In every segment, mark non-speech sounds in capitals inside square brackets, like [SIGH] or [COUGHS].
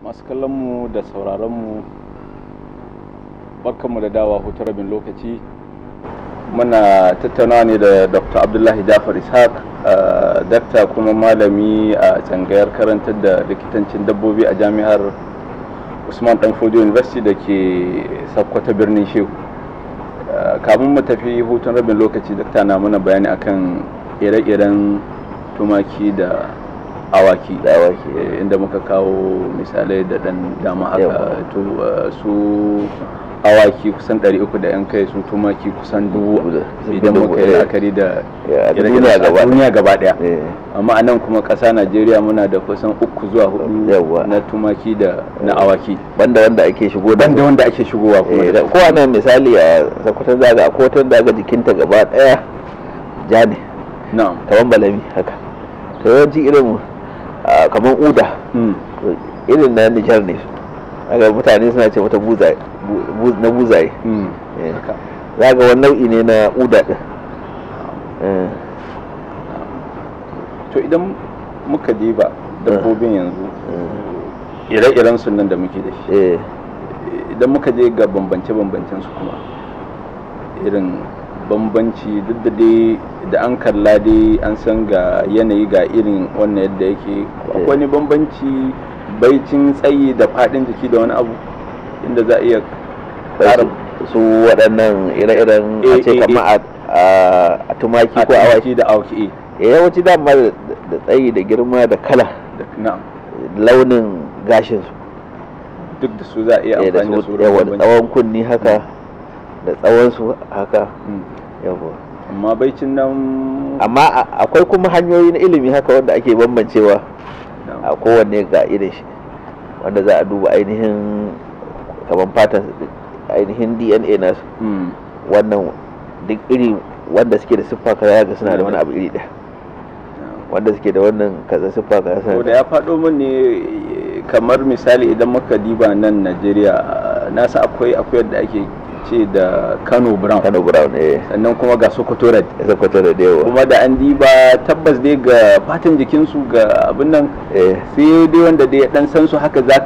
masu kallonmu da sauraronmu barkanmu da dawa hutu rabin lokaci muna tattauna ne da dr abdullahi jafar ishaq dakta kuma malami a tsangayar karantar da likitancin dabbobi a jami'ar usman danfodio university da ke sakkwata birnin shehu kamun mu tafi hutun rabin lokaci dakta na muna bayani akan ire-iren tumaki da awaki da awaki eh, inda muka kawo misalai da dan dama haka to eh, su awaki kusan 300 da yan kai su tumaki kusan dubu idan muka yi akari da duniya gaba daya eh. amma anan kuma ƙasa najeriya muna da kusan uku zuwa hudu na tumaki da na awaki banda wanda ake shigo banda wanda ake shigowa kuma Kowa na misali a sakwatan zaga a kotan zaga jikinta gaba daya ja ne tawon haka to yawanci irin kamar uda hmm. irin na nijar ne aga mutane suna ce wata na buzaye hmm. eh. za ga wani nau'i ne na uda ɗin eh. to idan muka diba dabbobin yanzu eh. ire-iren sunan da muke da shi idan muka je ga bambance-bambancen su kuma irin bambanci duk da dai da an kalla dai an san ga yanayi ga irin wannan yadda yake akwai ni bambanci baicin tsayi da fadin jiki da wani abu inda za a iya ƙara su waɗannan ire-iren eh, a ce eh, kama eh. a tumaki ko a waki da awaki yawanci dama da tsayi da girma da kala launin gashinsu duk da su za a iya amfani da su tsawon kunni haka da tsawonsu haka hmm. yawon amma baicin nan amma akwai kuma hanyoyi na ilimi haka wanda ake bambancewa a kowanne ga irin shi wanda za a duba ainihin kamar fatan ainihin dna nasu hmm. wannan duk iri wanda suke da siffa kaza ga suna da wani hmm. abu iri ɗaya wanda suke da wannan kaza siffa kaza suna da ya faɗo min ne kamar misali idan muka diba nan najeriya nasa akwai akwai yadda ake ce da kano brown kano brown eh sannan kuma ga sokoto red sokoto red yawa eh, kuma da an diba tabbas dai ga fatan jikinsu ga abin nan eh. sai dai wanda dai dan san su haka za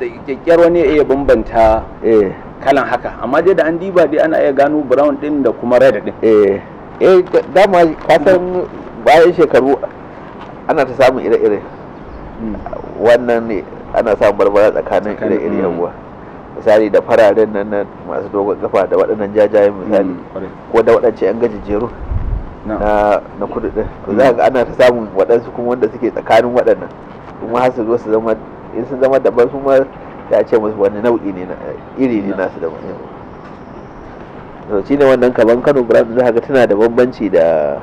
da kyakkyar wani ya bambanta eh. kalan haka amma dai da an diba dai ana iya gano brown din da kuma red din eh eh dama kasan bayan shekaru ana ta samun ire-ire hmm. wannan ana samun barbara tsakanin ire-ire hmm. yawa misali da fararen nan masu dogon kafa da waɗannan jajayen misali mm, ko da waɗance yan gajijjeru na na kudu to za ga ana ta samun waɗansu kuma wanda suke tsakanin waɗannan kuma har su zo su zama in sun zama daban su ma ya ce musu wani nau'i ne iri ne nasu daban to shine wannan kaman Kano brand za ga tana da bambanci da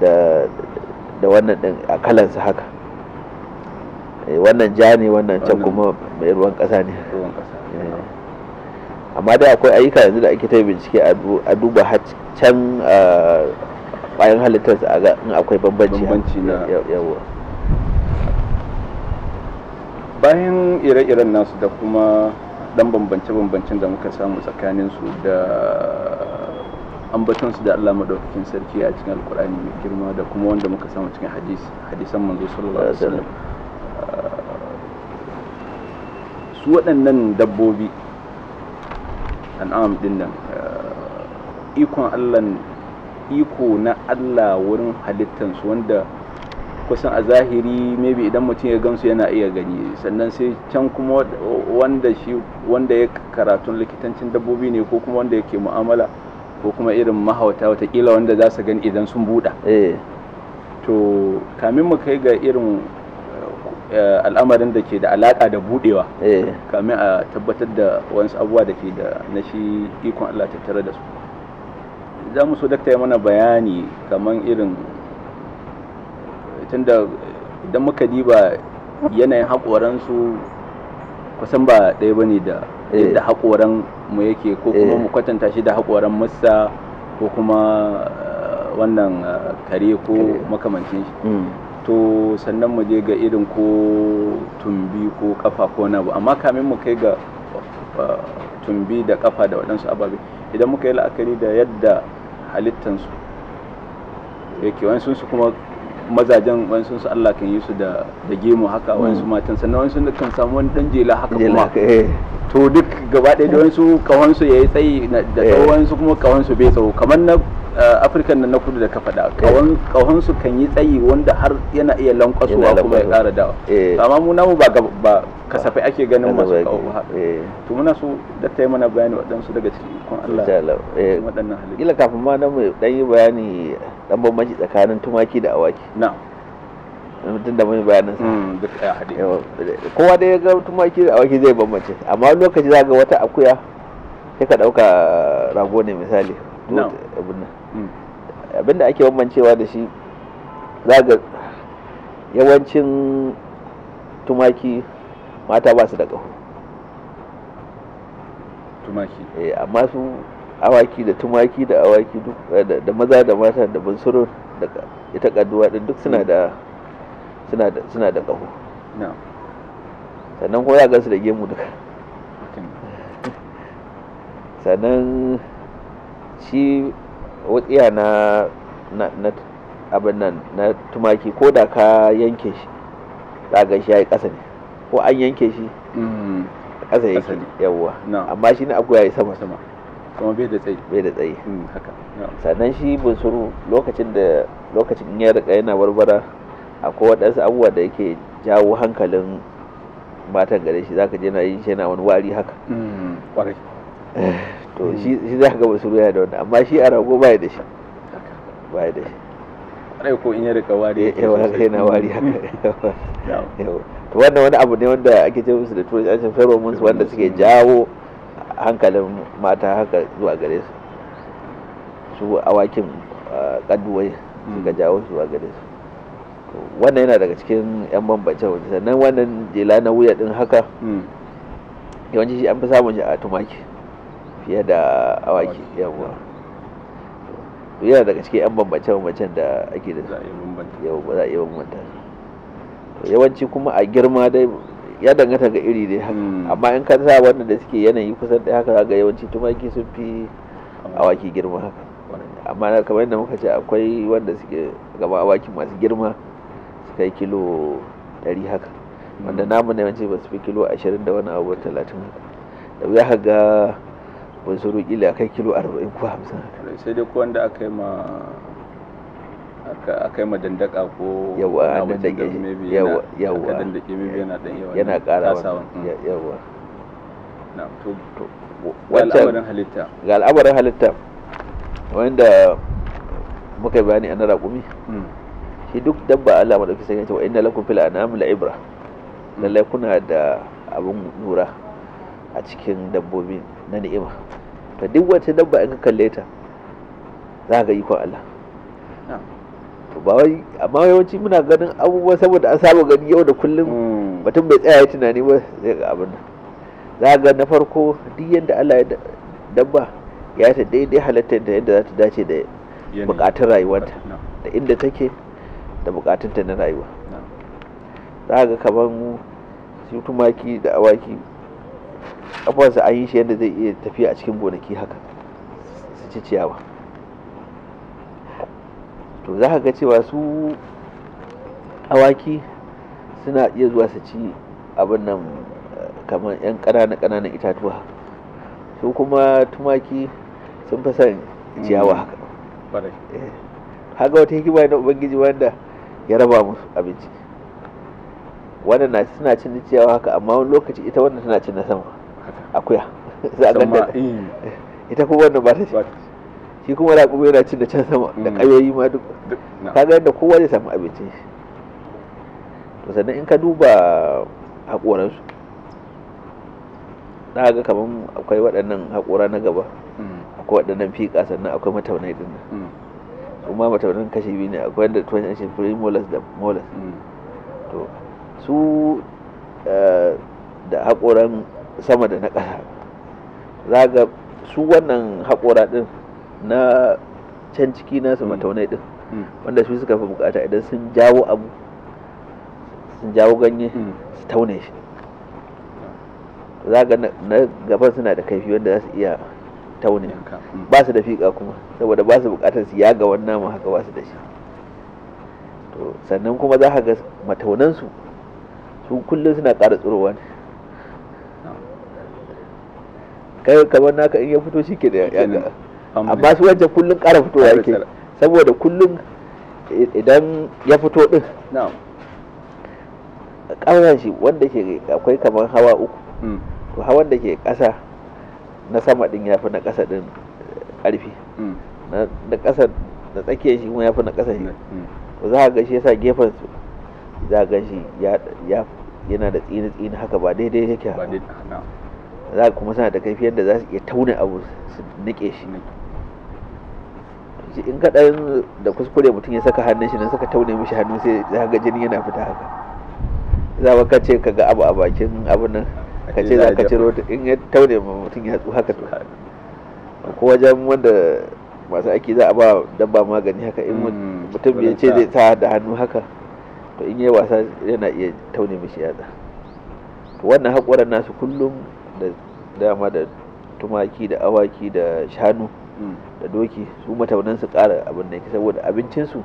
da da wannan din a kalansu haka eh, wannan ja ne wannan can kuma mai ruwan ƙasa ne amma dai akwai ayyuka yanzu da ake ta yi bincike a duba can bayan halittar a ga in akwai bambanci yawa bayan ire-iren nasu da kuma dan bambance-bambancen da muka samu tsakaninsu da ambatonsu da Allah madaukakin sarki a cikin alkur'ani mai girma da kuma wanda muka samu cikin hadisan manzo sallallahu alaihi wasallam su waɗannan dabbobi an'am din nan eh, ikon Allah iko na Allah wurin halittansu wanda kusan a zahiri maybe idan mutum ya gamsu yana iya gani sannan sai can kuma wanda shi wanda ya karatun likitancin dabbobi ne ko kuma wanda yake mu'amala ko kuma irin mahauta watakila wanda za su gani idan sun buɗa eh. to kamin mu kai ga irin Eh, al'amarin da ke da alaƙa da budewa eh. kamin a tabbatar da wasu abubuwa da ke da na shi ikon Allah tattare da su za mu so dakta yi mana bayani kamar irin tunda idan muka diba yanayin haƙoransu kusan ba ɗaya ba ne da eh. yadda haƙoran mu yake ko kuma mu kwatanta shi da haƙoran musa ko kuma wannan kare ko makamancin shi mm. to sannan mu je ga irin ko tumbi ko kafa ko na amma kamin mu kai ga uh, tumbi da kafa da waɗansu ababe idan muka yi la'akari da yadda halittansu yake wani sun su kuma mazajen wani sun su Allah kan yi su da gemu haka mm. wani su matan sannan wani sun kan samu wani dan jela haka kuma eh. to duk gaba ɗaya da wani su kawansu ya yi tsayi da eh. tsawon su kuma kawansu bai tsawo kamar na Eh, afirka nan na kudu da ka faɗa kawon su kan yi tsayi wanda har yana iya lankwasowa kuma ya ƙara dawa eh. amma mu namu ba kasafe ake ganin masu kawo haɗu eh. to muna so da ta yi mana bayani waɗansu daga cikin ikon Allah waɗannan halittu ila kafin ma na mu ɗan yi bayani ɗan bambanci tsakanin tumaki da awaki Na. mutum da mai bayanin sa mm, kowa da ya ga tumaki da awaki zai bambance amma lokaci za ga wata akuya sai ka ɗauka rago ne misali Na. abinda ake bambancewa da shi zaga yawancin tumaki mata ba su da ƙaho tumaki eh amma su awaki da tumaki da awaki duk eh, da maza da mata da bunsurur da ita kaduwa din duk suna hmm. da suna da suna da ƙaho sannan kuma za su da gemu duka sannan shi wutsiya na na abin nan na tumaki ko da ka yanke shi za ga shi yayi ƙasa ne ko an yanke shi mm. ƙasa yake yawwa amma shi na akuya yi sama sama kuma bai da tsayi bai da tsayi mm, haka sannan shi bunsuru lokacin da lokacin ya rika yana barbara akwai waɗansu abubuwa da yake jawo hankalin matan gare shi zaka je na yin shi yana wani wari haka mm, [LAUGHS] to hmm. shi za ka ga basu ruya da wannan amma shi a rago baya da shi baya da shi rai ko in ya rika wari eh, ya yawa kai na wari haka hmm. [LAUGHS] to wannan wani abu ne wanda ake ce musu da turanci an ce pheromones wanda suke hmm. jawo hankalin mata haka zuwa gare su su awakin kaduwai ah, suka jawo su zuwa gare su wannan yana daga cikin yan bambance sannan wannan jela na wuya din haka yawanci shi an fi samun shi a tumaki fiye da awaki yawa yana daga cikin yan bambance-bambancen da ake da yau ba za a iya bambanta yawanci kuma a girma dai ya danganta ga iri dai haka hmm. amma in ka sa wannan da suke yanayi kusan ɗaya haka ga yawanci tumaki sun fi awaki girma haka amma kamar yadda muka ce akwai wanda suke gaba awaki masu girma su kai kilo 100 haka wanda hmm. namu na yawanci ba su fi kilo 20 da wani abu 30 haka da wuya ga wani sauro kila kai kilo 40 ko 50 sai dai ko wanda aka yi ma aka yi ma dandaka ko yawa dandake yawa yawa dandake mebi yana dan yawa yana ƙara yawa mm. na to to al'amarin halitta ga al'amarin halitta wanda muka yi bayani a na raƙumi mm. shi duk dabba Allah madafi sai ya ce wa inna lakum fil anam la ibra lallai kuna da abun nura a cikin dabbobi na ni'ima to duk wata dabba in ka kalle ta za ga ikon Allah wai amma yawanci muna ganin abubuwa saboda an saba gani yau da kullum hmm. mutum bai tsaya tunani ba zai ga abin nan za ga na farko duk yadda Allah ya dabba ya ta daidai halatta da yadda za ta dace da bukatun rayuwarta da inda take da bukatunta na rayuwa za ga kamar su tumaki da awaki kafarsa an yi shi yadda zai iya tafiya a cikin gonaki haka su ci ciyawa to za ka ga cewa su awaki suna iya zuwa su ci abin nan eh, kamar 'yan ƙananan ƙananan itatuwa su kuma tumaki sun fi son ciyawa haka mm, eh, haka wata hikima na ubangiji wanda ya raba musu abinci wannan na suna cin ciyawa haka amma wani lokaci ita wannan tana cin na sama akuya [LAUGHS] za a ganta eh. [LAUGHS] ita kuma wannan ba ta ce shi kuma raƙumi yana cin da can sama da mm. ƙayoyi ma duk kaga yadda kowa zai samu abincin shi to sannan in ka duba haƙoransu na ga kamar akwai waɗannan haƙora na gaba mm. akwai waɗannan fiƙa sannan akwai mataunai din nan mm. su ma mataunan kashi biyu ne akwai wanda tuwon yan shimfirin molas da molas to su eh, da haƙoran sama da na ƙasa za ga su wannan haƙora ɗin na can ciki nasu hmm. mataunai ɗin hmm. wanda su suka fi bukata idan sun jawo abu sun jawo ganye hmm. su taune shi za ga na gaban suna da kaifi wanda za su iya taune ba su da fiƙa kuma saboda ba su bukatar su yaga wannan ma haka ba su da shi to sannan kuma za ka ga mataunansu su kullum suna ƙara tsirowa ne kai kamar naka in ya fito shi ke da ya amma su wajen kullum fito fitowa ke saboda kullum idan ya fito din kawai shi wanda ke akwai kamar hawa uku hmm. to hawan da ke ƙasa na sama din ya fi na ƙasa din ƙarfi hmm. na ƙasa na tsakiyar shi kuma ya fi na ƙasa shi hmm. za a ga shi yasa gefen su za a ga shi yana da tsini-tsini haka ba daidai yake ba za kuma suna da kaifi yadda za su iya tauna abu su nike shi in kaɗan da kuskure mutum ya saka hannun shi nan suka taune mishi hannu sai za ga jini yana fita haka za ka ce ka ga abu a bakin abu nan ka ce za ka ciro in ya taune mutum ya tsu haka to ko wajen wanda masu aiki za a ba dabba magani haka in mm, mutum ya ce zai sa da hannu haka to in yi wasa yana iya taune mishi yatsa wannan haƙoran nasu kullum da dama da tumaki da awaki da shanu mm. da doki su mataunan su kara abin da yake saboda abincinsu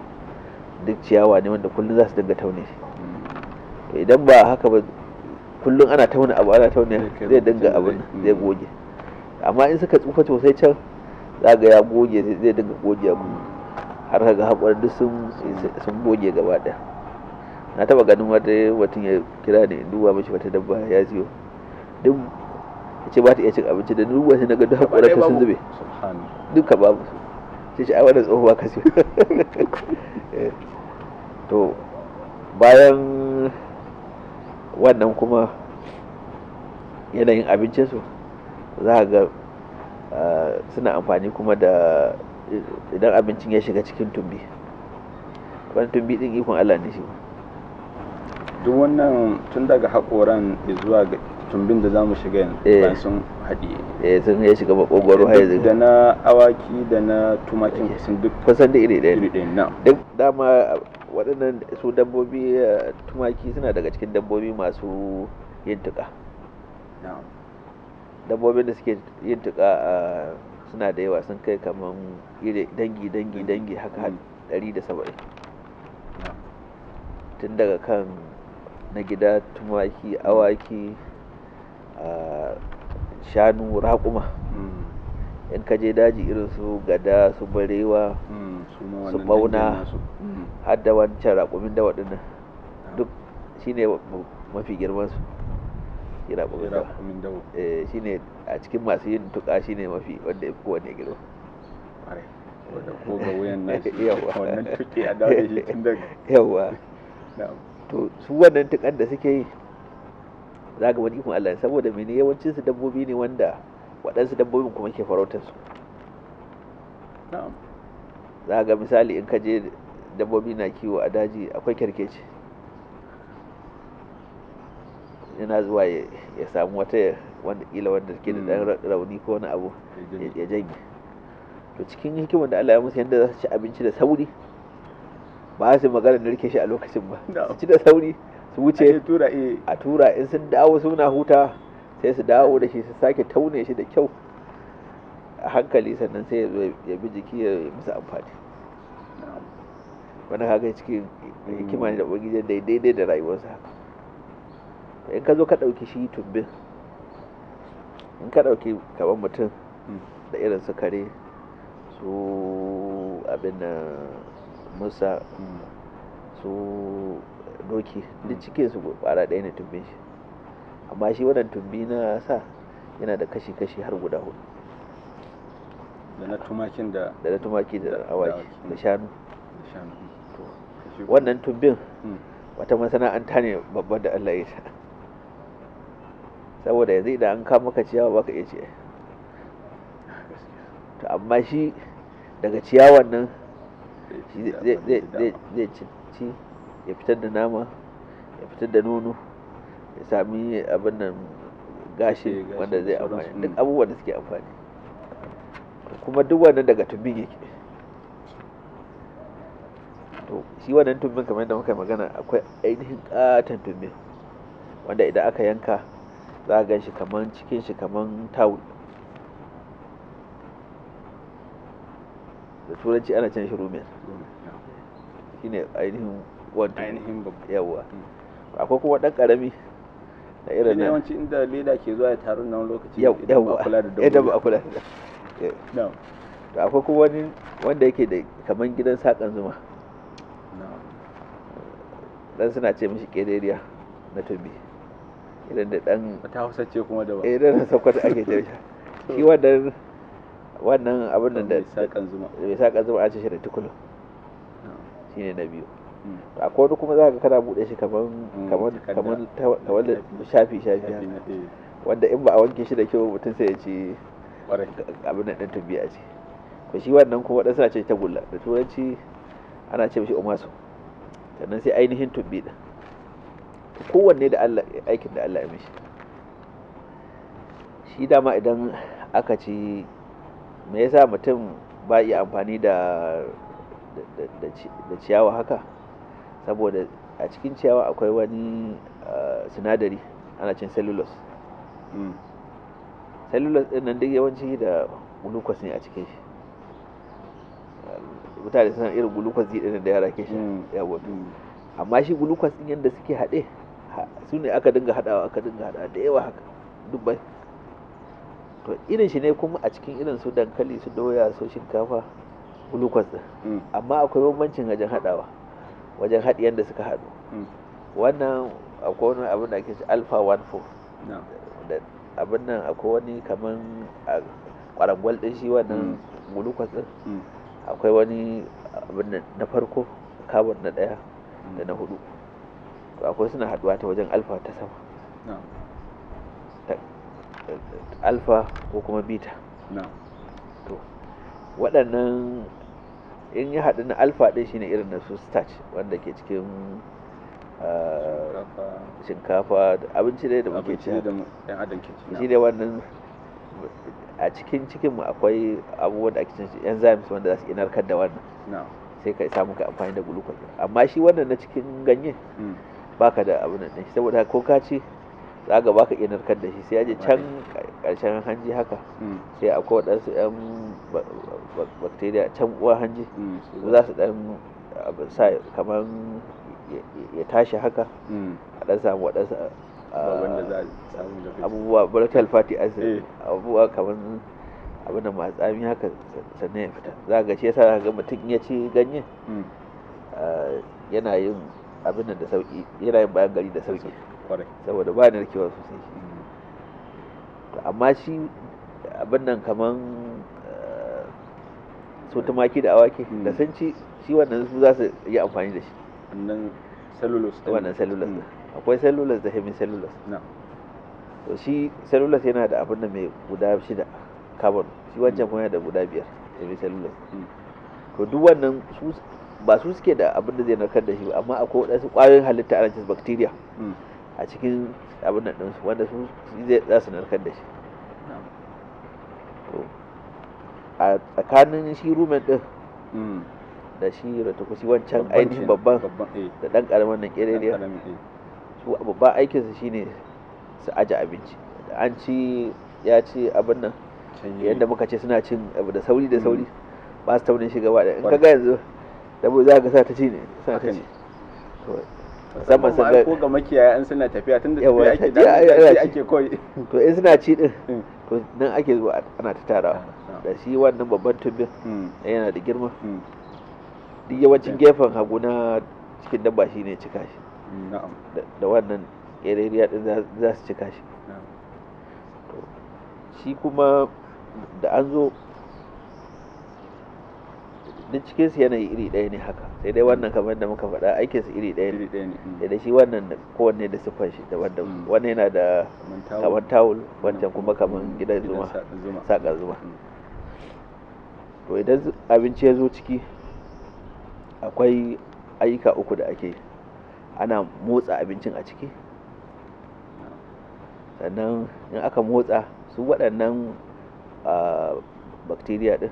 duk ciyawa ne wanda kullum za su dinga taune mm. idan ba haka ba kullum ana taune abu ana taune zai dinga abin zai goge amma in suka tsufa sosai can za ga ya goge zai dinga goge abu mm. har ka ga haƙwar duk sun goge gaba ɗaya na taɓa ganin wata mutum ya kira ne duba mashi wata dabba ya siyo duk ce ba ta iya cin abinci da ruwa sai na ga duk haƙoran ta sun zube duka babu sai ce ai wannan tsohon ka ce [LAUGHS] to bayan wannan kuma yanayin abincinsu za a ga ah, suna amfani kuma da idan abincin ya shiga cikin tumbi wani tumbi din ikon Allah ne shi duk wannan tun daga haƙoran zuwa tumbin da za mu shiga yanzu eh. ban sun haɗi. eh sun ya shiga makogwaro eh, har yanzu da na awaki da na tumakin sun duk kusan da iri ɗaya iri ɗaya na duk dama eh, waɗannan su dabbobi tumaki suna daga cikin dabbobi masu yin tuƙa dabbobin da suke yin tuƙa suna da yawa sun kai kaman iri dangi dangi dangi haka ɗari da saba'in tun daga kan na gida tumaki awaki shanu raƙuma mm. in ka je daji irin su gada su barewa mm, su mauna. Mm. har da wancan raƙumin da waɗannan ah. duk shine mafi girman su raƙumin dawa eh, shine a cikin masu yin tuƙa shine mafi wanda ya fi kowane girma ko ga wuyan [LAUGHS] nashi wannan tuƙi a daji da shi tun daga Yawwa. to su wannan tuƙan da suke yi za ga wani ikon Allah saboda mene yawancin su dabbobi ne wanda waɗansu dabbobin kuma ke farautar su za ga misali in ka je dabbobi na kiwo a daji akwai kyarkeci yana zuwa ya samu wata wanda kila wanda ke da dan hmm. rauni ko wani abu ya janye to cikin hikimar da Allah ya musu yadda za su ci abinci da sauri ba su magana da rike shi a lokacin ba su ci da sauri su wuce eh. a tura in sun dawo suna huta sai su dawo da shi su sake taune shi da kyau a hankali sannan sai ya bi jiki ya yi musu amfani wani haka cikin hikima da ubangijin da daidai da rayuwarsa haka in ka zo ka ɗauki shi tumbin in ka ɗauki kamar mutum hmm. da irin su kare su abin musa hmm. su doki duk cikin su kwara ɗaya ne tumbin shi amma shi wannan tumbi na sa yana da kashi-kashi har guda hudu da na tumakin da da na tumakin da awaki da shanu wannan tumbin hmm. wata masana'anta ne babban da Allah ya ta saboda yanzu idan an kama ka ciyawa baka iya ce to amma shi daga ciyawan nan zai ci ya fitar da nama ya fitar da nono ya sami abin nan gashi eh, wanda zai amfani duk abubuwan da suke amfani kuma duk wannan daga tumbin yake to shi wannan tumbin kamar yadda muka magana akwai ainihin katon tumbin wanda idan aka yanka za a gan shi kamar cikin shi kamar tawul da turanci ana can shi shi ne ainihin wato ainihin babba yawa akwai kuma dan karami da irin nan. yawanci inda leda ke zuwa ya taru nan lokaci idan ba kula da dabbobi idan ba kula da to akwai kuma wani wanda yake da kaman gidan sakan zuma dan suna ce mishi kederiya na tumbi idan da dan ta hausa ce kuma da ba idan da eh, sakwata ake ce [LAUGHS] shi wannan wannan abin da mai sakan zuma a ce shi da tukulu shine na biyu akwai wani kuma za ka kana buɗe shi kaman kamar mm, shafi shafi eh. wanda in ba a wanke shi da kyau mutum sai ya ci abin da ɗan tumbiya ce ko shi wannan kuma ɗan suna ce ta gulla da turanci ana ce mishi umasu sannan sai ainihin tumbi ɗin kowanne da Allah aikin da Allah ya mishi shi dama idan aka ci me yasa mutum ba iya amfani da da ciyawa haka saboda a cikin ciyawa akwai wani eh, sinadari ana cin cellulose mm. cellulose din nan duk yawanci da glucose ne a cikin shi mutane suna irin glucose din da yara ke shi mm. yawo mm. amma shi glucose din yadda suke haɗe su ne aka dinga haɗawa aka dinga haɗawa da yawa haka dubbai to irin shi ne kuma a cikin irin su dankali su doya su shinkafa glucose din amma akwai bambancin wajen haɗawa wajen haɗi da suka haɗu hmm. wannan akwai wani abin da ake ce alpha 1 4 abin nan akwai wani kamar kwarangwal ɗin shi wannan hmm. glucose ɗin hmm. akwai wani abin na farko carbon na ɗaya da na hudu akwai suna haɗuwa ta wajen alpha ta sama alpha ko kuma beta to waɗannan in ya haɗu na alfa ɗin shine irin na su starch wanda ke cikin shinkafa eh, abinci dai da muke ci shi ne wannan a cikin cikin mu akwai abubuwan da ake cin shi enzymes wanda za su narkar da wannan sai ka samu ka amfani da glucose amma shi wannan na cikin ganye mm. baka da abin nan saboda ko ka ci za ga baka iya narkar da shi sai yaje can karshen hanji haka hmm. sai akwai waɗansu yan bacteria can uwa hanji hmm. za su dan sa kamar ya tashi haka hmm. a dan samu waɗansu abubuwa volatile fatty a eh. abubuwa kamar abin da masu tsami haka sannan ya fita za ga shi yasa ga mutum ya ci ganye yana yin abin da sauki yana yin bayan gari da sauki saboda ba da narkewa sosai shi amma shi abin nan kaman eh, su tumaki da awaki hmm. da sun ci shi wannan su za su yi amfani da shi wannan cellulose wannan cellulose hmm. akwai cellulose da hemin cellulose to shi cellulose yana da abin da mai guda shida carbon shi wancan hmm. kuma yana da guda biyar hemin cellulose to duk wannan su ba su suke da abin da zai narkar da shi ba amma akwai waɗansu ƙwayoyin halitta ana cin bacteria a cikin abin da ɗinsu wanda su za su narkar da shi a tsakanin shi rumen ɗin mm. da shi ratakusi wancan ainihin babban eh. da ɗan ƙaramin nan ƙerariya eh. su babban aikinsu shine su aji abinci an ci ya ci abin nan yadda muka ce suna cin abu da sauri da mm. sauri ba su taunin shi gaba da in ka ga yanzu da za ka sa ta ci ne sa ta ci musamman sun ga ko ga makiyaya an suna tafiya tunda tafiya ake da ake koyi to in suna ci din mm. to nan ake zuwa ana ta tarawa da shi wannan babban tubin mm. yana da girma mm. duk yawancin gefen hagu na cikin dabba shi ne cika shi da wannan ƙerariya din za su cika shi shi kuma da an zo duk cikinsu yanayi iri ɗaya ne haka sai dai wannan kamar da muka faɗa aikin su iri ɗaya ne mm. da shi wannan kowanne da siffar shi da wanda mm. wannan yana da kamar tawul wancan kuma mm. kamar gidan zuma saƙar zuma to idan abinci ya zo ciki akwai ayyuka uku da ake ana motsa abincin a ciki sannan in aka motsa su waɗannan ah, bakteriya ɗin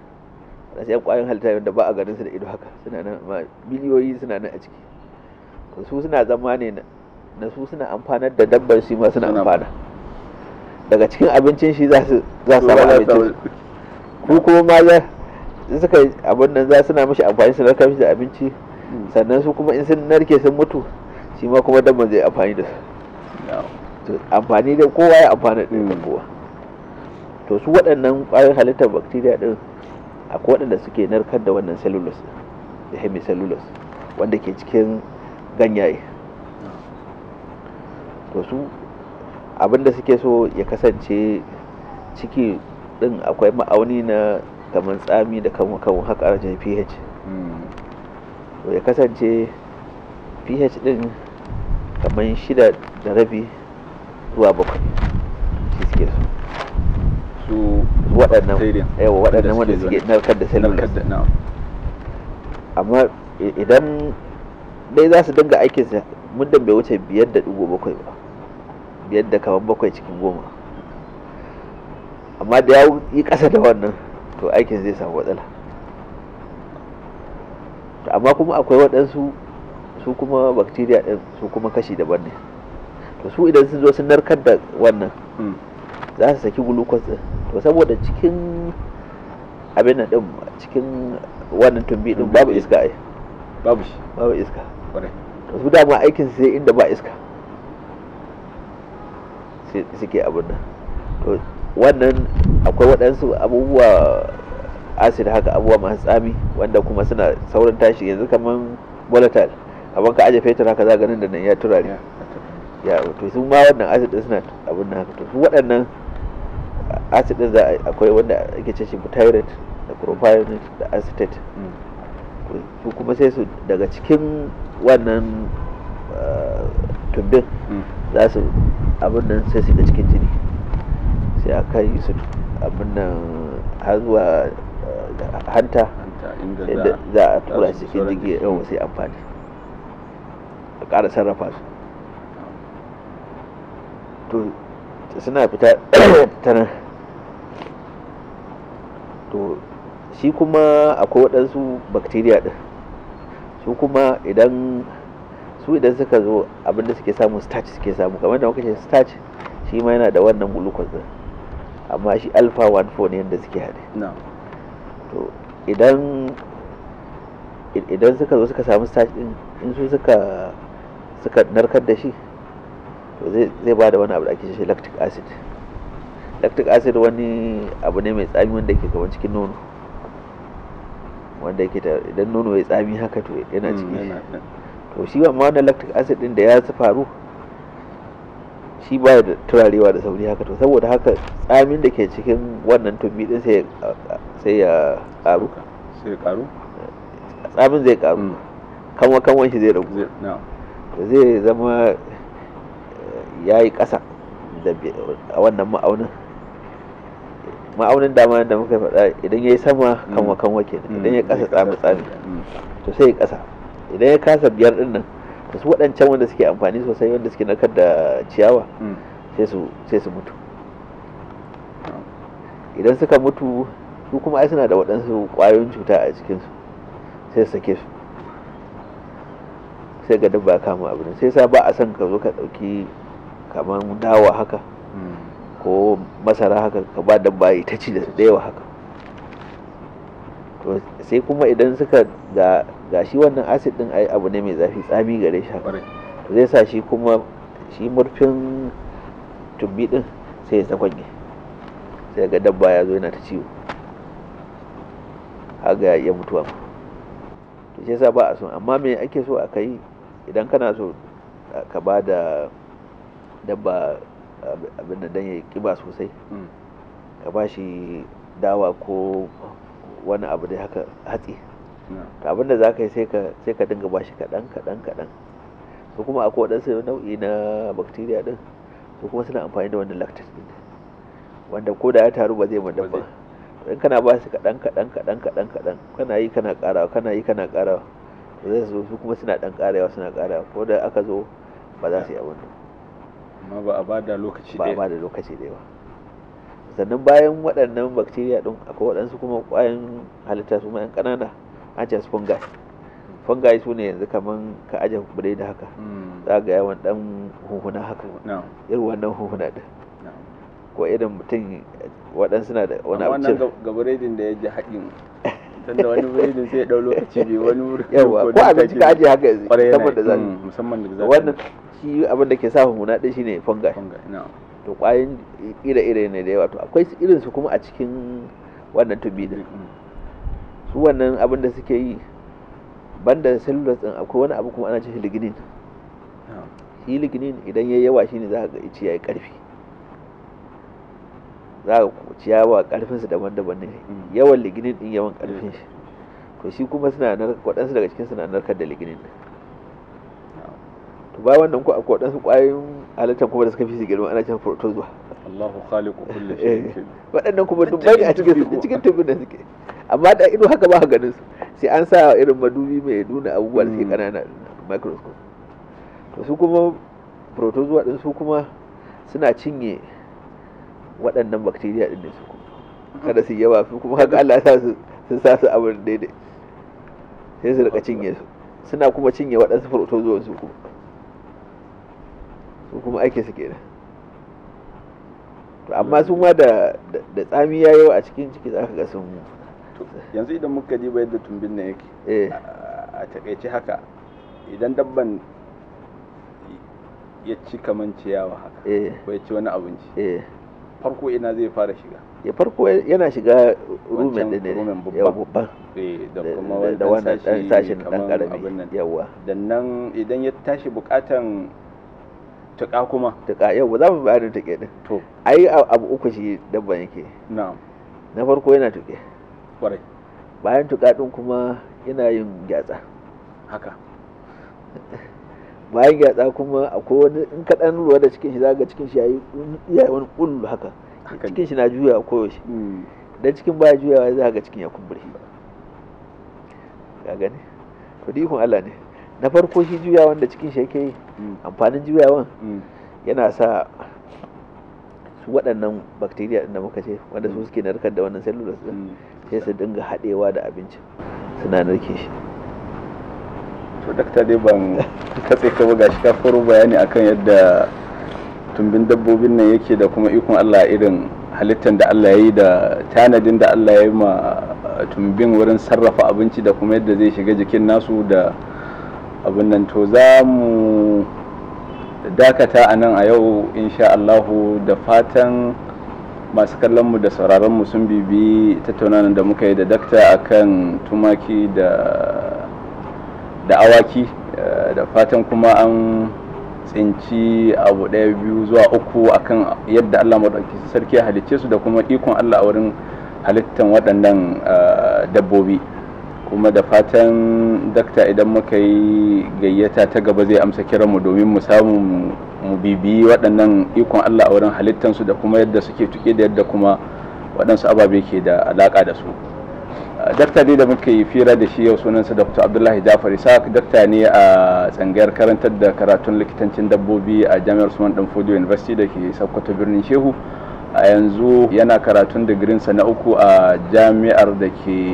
wadansu sai kwayoyin halitta wanda ba a ganin su da ido haka suna nan ba miliyoyi suna nan a ciki su suna zama ne na su suna amfanar da dabbar shi ma suna amfana daga cikin abincin shi za su samu abincin ku kuma ma za suka abin nan za suna mishi amfani su narka mishi da abinci hmm. sannan su kuma in sun narke sun mutu shi ma kuma dabban zai amfani da su amfani da kowa ya amfana da hmm. kowa to su waɗannan ƙwayoyin halittar bacteria ɗin akwai waɗanda suke narkar da wannan cellulose da hemicellulose wanda ke cikin ganyaye to su abinda suke so ya kasance ciki din akwai ma'auni na kamar tsami da kamar kamar haka a ph to ya kasance ph din kamar shida da rabi zuwa bakwai waɗannan yawa waɗannan wanda suke narkar da cellulose amma idan dai za su dinga aikin sa muddin bai wuce biyar da ɗigo bakwai ba biyar da kamar bakwai cikin goma amma da ya yi ƙasa da wannan to aikin zai samu matsala amma kuma akwai waɗansu su kuma bacteria ɗin su kuma kashi daban ne to su idan sun zo sun narkar da wannan hmm. za su saki glucose ɗin to saboda cikin abin nan din cikin wannan tumbi din babu iska ai babu shi babu iska to su dama aikin sai inda ba iska suke abin nan to wannan akwai waɗansu abubuwa acid haka abubuwa masu tsami wanda kuma suna saurin tashi yanzu kamar volatile abin ka aje fetur haka za ganin da nan ya turare ya to su ma wannan acid din suna abin nan haka to su waɗannan acid din za akwai wanda ake ce shi butyrate da propionate da acetate mm. su kuma sai su daga cikin wannan eh, tubin mm. za su abin nan sai su ga cikin jini sai a kai su abin nan har zuwa eh, hanta inda za a tura su cikin jini ya yawan sai amfani a ƙara sarrafa su ah. to suna fita [COUGHS] tana. to shi kuma akwai waɗansu bakteriya ɗin su kuma idan su idan suka zo abinda suke samu starch suke samu kamar da muka ce starch shi ma yana da wannan glucose ɗin amma shi alpha 4 ne yadda suke haɗe to idan idan suka zo suka samu starch din in su suka suka narkar da shi to zai ba da wani abu da ake shi lactic acid lactic acid wani abu ne mai tsami wanda ke gaban cikin nono wanda ke ta idan nono ya tsami haka to yana mm, ciki to shi ba ma lactic acid din da ya faru shi ba da turarewa da sauri haka to saboda haka tsamin da ke cikin wannan tumbi din sai sai ya karu sai ya karu tsamin zai karu mm. kanwa kanwan shi zai ragu zai zama eh, ya yi ƙasa a wannan ma'aunin ma'aunin dama da muka faɗa idan ya yi sama kan mm. wakan wake idan mm. ya kasa tsami tsami mm. to sai ya kasa idan ya kasa biyar din nan to su waɗancan wanda suke amfani sosai wanda suke nakar da ciyawa sai su mutu oh. idan suka mutu su kuma ai suna da waɗansu ƙwayoyin cuta a cikinsu sai su sake su sai ga dabba kama abin sai sa ba a son ka zo ka ɗauki kamar dawa haka ko masara haka ka ba dabba ita ci da yawa haka to sai kuma idan suka ga ga shi wannan acid din ai abu ne mai zafi tsami gare shi haka zai sa shi kuma shi murfin tumbi din sai ya tsakwanye sai ga dabba ya zo yana ta ciwo haga ya mutuwa to shi yasa ba a so amma me ake so a kai idan kana so ka ba da dabba abin da dan ya kiba sosai mm. ka ba shi dawa ko wani abu dai haka hatsi to abin da za ka yi sai ka dinga ba shi kaɗan kaɗan kaɗan to kuma akwai waɗansu nau'i na bacteria ɗin to kuma suna amfani da wannan lactate ɗin wanda ko da ya taru ba zai mu dabba in kana ba shi kaɗan kaɗan kaɗan kaɗan kaɗan kana yi kana ƙarawa kana yi kana ƙarawa zai zo su kuma suna ɗan ƙarawa suna ƙarawa, ko da aka zo ba za su yi abin nan amma ba a ba da lokaci ba ba da lokaci ɗaya ba sannan bayan waɗannan bacteria ɗin akwai waɗansu kuma ƙwayan halitta su yan ƙanana a ce su fungi fungi su ne yanzu kaman ka ajiye kuɗai da haka hmm. za ga yawan ɗan hunhuna haka irin wannan hunhuna ɗin ko irin mutum waɗansu na da wani abincin wannan gabaredin da ya ji haɗin [LAUGHS] tunda wani biredin sai ya dau lokaci bai wani wuri [LAUGHS] yawa ko abinci ka ajiye haka yanzu saboda zan hmm, musamman da zan wannan shi abin da ke sa humuna din shine fungi to kwayoyin ire-ire ne da yawa to akwai irin su kuma a cikin wannan tubi din hmm. su wannan abin da suke yi banda cellulose din akwai wani abu kuma ana ce shi lignin shi lignin idan yayi yawa shine za ka ga iciya yayi karfi za ka ciyawa wa su daban-daban ne yawan liginin din yawan karfin shi to shi kuma suna na waɗansu daga cikin suna narkar da liginin din to ba wannan ko akwai waɗansu ƙwayoyin halittar kuma da suka fi su girma ana can protozoa Allahu khaliqu kulli eh. shay'in waɗannan kuma duk bai a cikin cikin tubin da suke amma da ido haka ba ganin su sai an sa irin madubi mai nuna abubuwa da suke kanana hmm. microscope to su kuma protozoa din su kuma suna cinye waɗannan bakteriya ɗin ne su kada su yawa su kuma haka Allah sa su sun sa su abin daidai sai su rika cinye su suna kuma cinye waɗansu protozoan su kuma su kuma ake su kenan to amma su ma da da tsami ya yawa a cikin ciki za ka ga sun yanzu idan muka diba yadda tumbin nan yake eh. a takaice haka idan dabban ya ci kaman ciyawa haka eh. ko ya ci wani abinci eh. farko ina zai fara shiga ya farko yana shiga rumen eh, da ne babban da wannan dan sashin dan karami yawa nan idan ya tashi bukatan tuka kuma tuka yawa za mu da tuke din to ai abu uku shi dabban yake na'am na farko yana tuke kwarai bayan tuka din kuma yana yin gyatsa haka [LAUGHS] bayan gyatsa kuma akwai wani in ka dan lura da cikin shi ga cikin shi yayi yayi wani kullu haka cikin shi na juya koyaushe hmm. dan cikin baya juyawa za ga cikin ya kumbure ga gani to dikon Allah ne na farko shi juya wanda cikin shi yake hmm. amfanin juyawan hmm. yana sa su waɗannan bacteria ɗin da muka ce wanda su suke narkar da wannan cellulose sai su dinga haɗewa da abinci suna narke shi to dakta dai ban katse ka ga shi ka bayani akan yadda tumbin dabbobin nan yake da kuma ikon Allah irin halittar da Allah ya yi da tanadin da Allah ya yi ma tumbin wurin sarrafa abinci da kuma yadda zai shiga jikin nasu da abin nan to za mu dakata a nan a yau insha Allahu da fatan masu kallon kallonmu da mu sun bibi tattaunawa da muka yi da dakta akan tumaki da da awaki eh, da fatan kuma an tsinci abu ɗaya biyu zuwa uku akan yadda Allah maɗauki sarki ya halicce su da kuma ikon Allah a wurin halittan waɗannan eh, dabbobi kuma da fatan dakta idan muka yi gayyata ta gaba zai amsa kiranmu domin mu samu mu bibiyi waɗannan ikon Allah a wurin halittansu da kuma yadda suke tuƙe da yadda kuma waɗansu ababe ke da alaƙa da su. dakta ne da muka yi fira da shi yau sunansa dr abdullahi jafari sa dakta ne a tsangayar karantar da karatun likitancin dabbobi a jami'ar suman dan fodio university da ke sokoto birnin shehu a yanzu yana karatun sa na uku a jami'ar da ke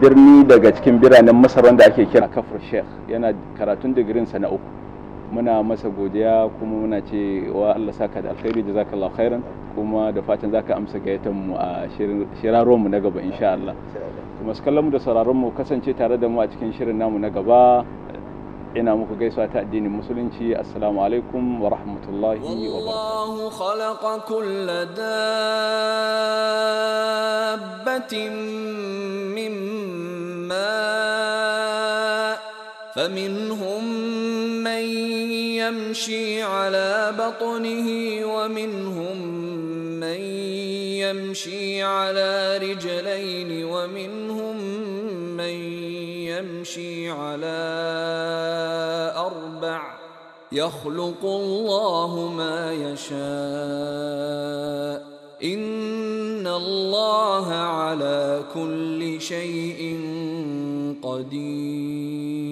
birni daga cikin biranen masar wanda ake kira kafar sheikh yana karatun digirinsa na uku muna masa godiya kuma muna ce wa allah saka da alkhairi jazakallahu khairan kuma da fatan zaka ka amsa gayyatar mu a shiraron mu na gaba insha Allah kuma su kallon mu da sauraron mu kasance tare da mu a cikin shirin namu na gaba ina muku gaisuwa ta addinin musulunci assalamu alaikum wa rahmatullahi wa barakatuh khalaqa kull dabbatin mimma فمنهم من يمشي على بطنه ومنهم من يمشي على رجلين ومنهم من يمشي على اربع يخلق الله ما يشاء ان الله على كل شيء قدير